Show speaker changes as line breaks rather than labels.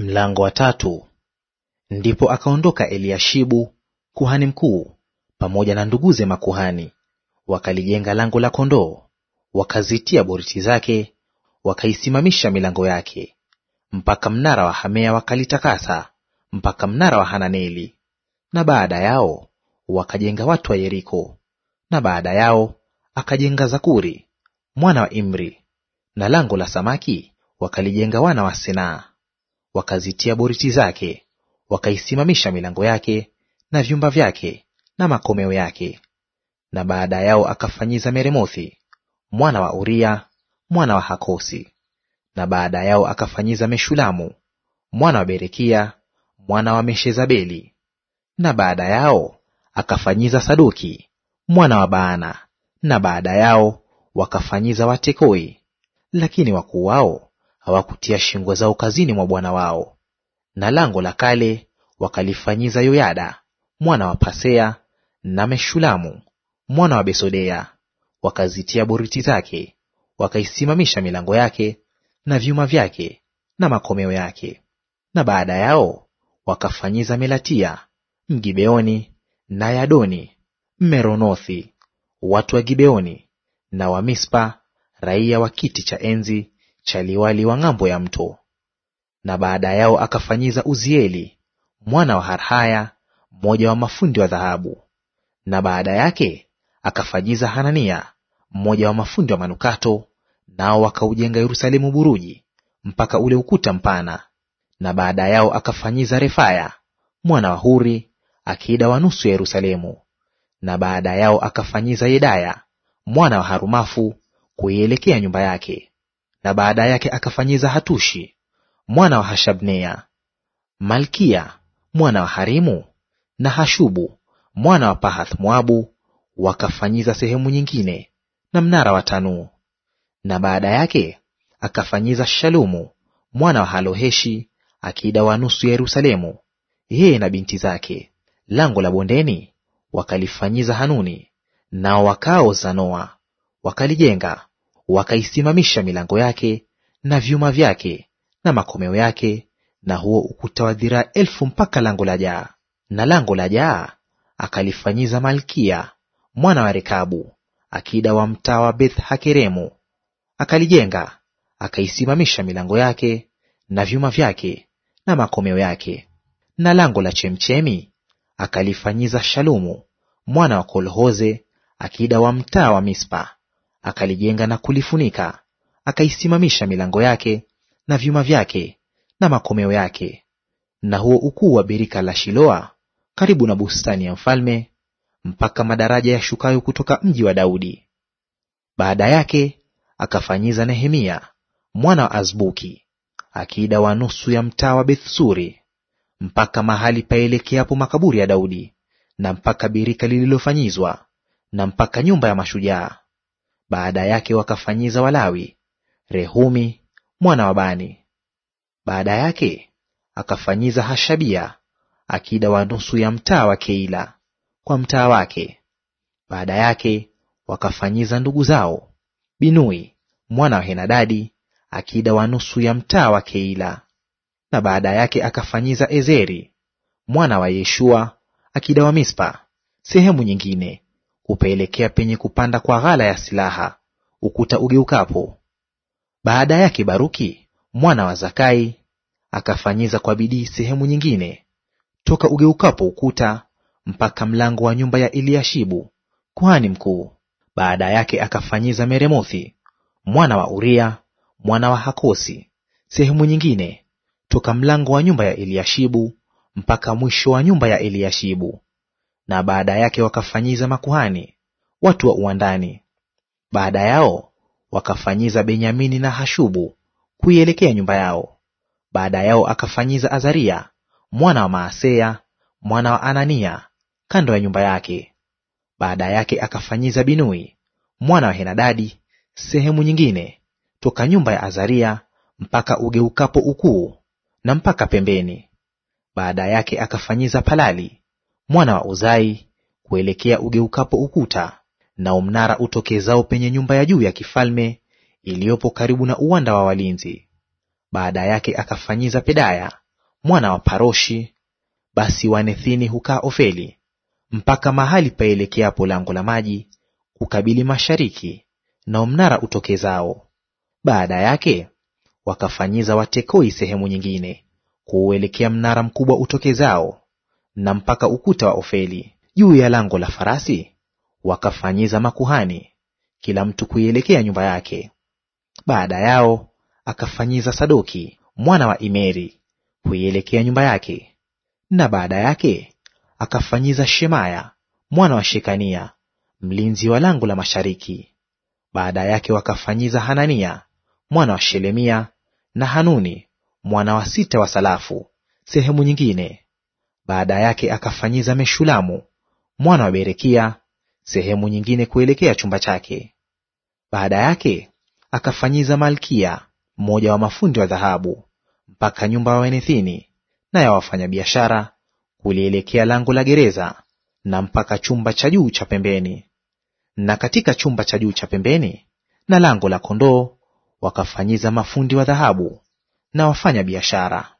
Mlango wa tatu. Ndipo akaondoka Eliashibu kuhani mkuu pamoja na nduguze makuhani, wakalijenga lango la kondoo, wakazitia boriti zake, wakaisimamisha milango yake, mpaka mnara wa Hamea wakalitakasa, mpaka mnara wa Hananeli. Na baada yao wakajenga watu wa Yeriko. Na baada yao akajenga Zakuri mwana wa Imri, na lango la samaki wakalijenga wana wa Sinaa wakazitia boriti zake, wakaisimamisha milango yake na vyumba vyake na makomeo yake. Na baada yao akafanyiza Meremothi mwana wa Uria mwana wa Hakosi, na baada yao akafanyiza Meshulamu mwana wa Berekia mwana wa Meshezabeli, na baada yao akafanyiza saduki mwana wa Baana, na baada yao wakafanyiza Watekoi, lakini wakuu wao hawakutia shingo zao kazini mwa bwana wao. Na lango la kale wakalifanyiza Yoyada mwana wa Pasea na Meshulamu mwana wa Besodea, wakazitia boriti zake, wakaisimamisha milango yake na vyuma vyake na makomeo yake. Na baada yao wakafanyiza Melatia Mgibeoni na Yadoni meronothi watu wa Gibeoni na wa Mispa, raia wa kiti cha enzi cha liwali wa ng'ambo ya mto. Na baada yao akafanyiza Uzieli mwana wa Harhaya, mmoja wa mafundi wa dhahabu, na baada yake akafanyiza Hanania mmoja wa mafundi wa manukato, nao wakaujenga Yerusalemu buruji mpaka ule ukuta mpana. Na baada yao akafanyiza Refaya mwana wa Huri, akida wa nusu ya Yerusalemu. Na baada yao akafanyiza Yedaya mwana wa Harumafu kuielekea nyumba yake na baada yake akafanyiza Hatushi mwana wa Hashabnea, Malkia mwana wa Harimu na Hashubu mwana wa Pahath Moabu wakafanyiza sehemu nyingine na mnara wa tanuu. Na baada yake akafanyiza Shalumu mwana wa Haloheshi akida wa nusu ya Yerusalemu, yeye na binti zake. Lango la bondeni wakalifanyiza Hanuni, nao wakao Zanoa wakalijenga wakaisimamisha milango yake na vyuma vyake na makomeo yake na huo ukuta wa dhiraa elfu mpaka lango la jaa. Na lango la jaa akalifanyiza Malkia mwana wa Rekabu, akida wa mtaa wa Beth Hakeremu. Akalijenga, akaisimamisha milango yake na vyuma vyake na makomeo yake. Na lango la chemchemi akalifanyiza Shalumu mwana wa Kolhoze, akida wa mtaa wa Mispa akalijenga na kulifunika, akaisimamisha milango yake na vyuma vyake na makomeo yake. Na huo ukuu wa birika la Shiloa karibu na bustani ya mfalme, mpaka madaraja ya shukayo kutoka mji wa Daudi. Baada yake akafanyiza Nehemia mwana wa Azbuki akida wa nusu ya mtaa wa Bethsuri mpaka mahali paelekeapo makaburi ya Daudi na mpaka birika lililofanyizwa na mpaka nyumba ya mashujaa. Baada yake wakafanyiza Walawi Rehumi mwana wa Bani. Baada yake akafanyiza Hashabia akida wa nusu ya mtaa wa Keila kwa mtaa wake. Baada yake wakafanyiza ndugu zao Binui mwana wa Henadadi akida wa nusu ya mtaa wa Keila. Na baada yake akafanyiza Ezeri mwana wa Yeshua akida wa Mispa sehemu nyingine upaelekea penye kupanda kwa ghala ya silaha, ukuta ugeukapo. Baada yake Baruki mwana wa Zakai akafanyiza kwa bidii sehemu nyingine toka ugeukapo ukuta mpaka mlango wa nyumba ya Eliashibu kuhani mkuu. Baada yake akafanyiza Meremothi mwana wa Uria mwana wa Hakosi sehemu nyingine toka mlango wa nyumba ya Eliashibu mpaka mwisho wa nyumba ya Eliashibu na baada yake wakafanyiza makuhani watu wa uwandani. Baada yao wakafanyiza Benyamini na Hashubu kuielekea nyumba yao. Baada yao akafanyiza Azaria mwana wa Maaseya mwana wa Anania kando ya nyumba yake. Baada yake akafanyiza Binui mwana wa Henadadi sehemu nyingine toka nyumba ya Azaria mpaka ugeukapo ukuu na mpaka pembeni. Baada yake akafanyiza Palali mwana wa Uzai, kuelekea ugeukapo ukuta na umnara utokezao penye nyumba ya juu ya kifalme iliyopo karibu na uwanda wa walinzi. Baada yake akafanyiza Pedaya mwana wa Paroshi. Basi Wanethini hukaa Ofeli mpaka mahali paelekeapo lango la maji kukabili mashariki na umnara utokezao. Baada yake wakafanyiza Watekoi sehemu nyingine kuuelekea mnara mkubwa utokezao na mpaka ukuta wa Ofeli. Juu ya lango la farasi wakafanyiza makuhani, kila mtu kuielekea nyumba yake. Baada yao akafanyiza Sadoki mwana wa Imeri kuielekea nyumba yake, na baada yake akafanyiza Shemaya mwana wa Shekania mlinzi wa lango la mashariki. Baada yake wakafanyiza Hanania mwana wa Shelemia na Hanuni mwana wa sita wa Salafu sehemu nyingine, baada yake akafanyiza Meshulamu mwana wa Berekia sehemu nyingine kuelekea chumba chake. Baada yake akafanyiza Malkia mmoja wa mafundi wa dhahabu mpaka nyumba ya wenethini na ya wafanyabiashara kulielekea lango la gereza na mpaka chumba cha juu cha pembeni. Na katika chumba cha juu cha pembeni na lango la kondoo wakafanyiza mafundi wa dhahabu na wafanya biashara.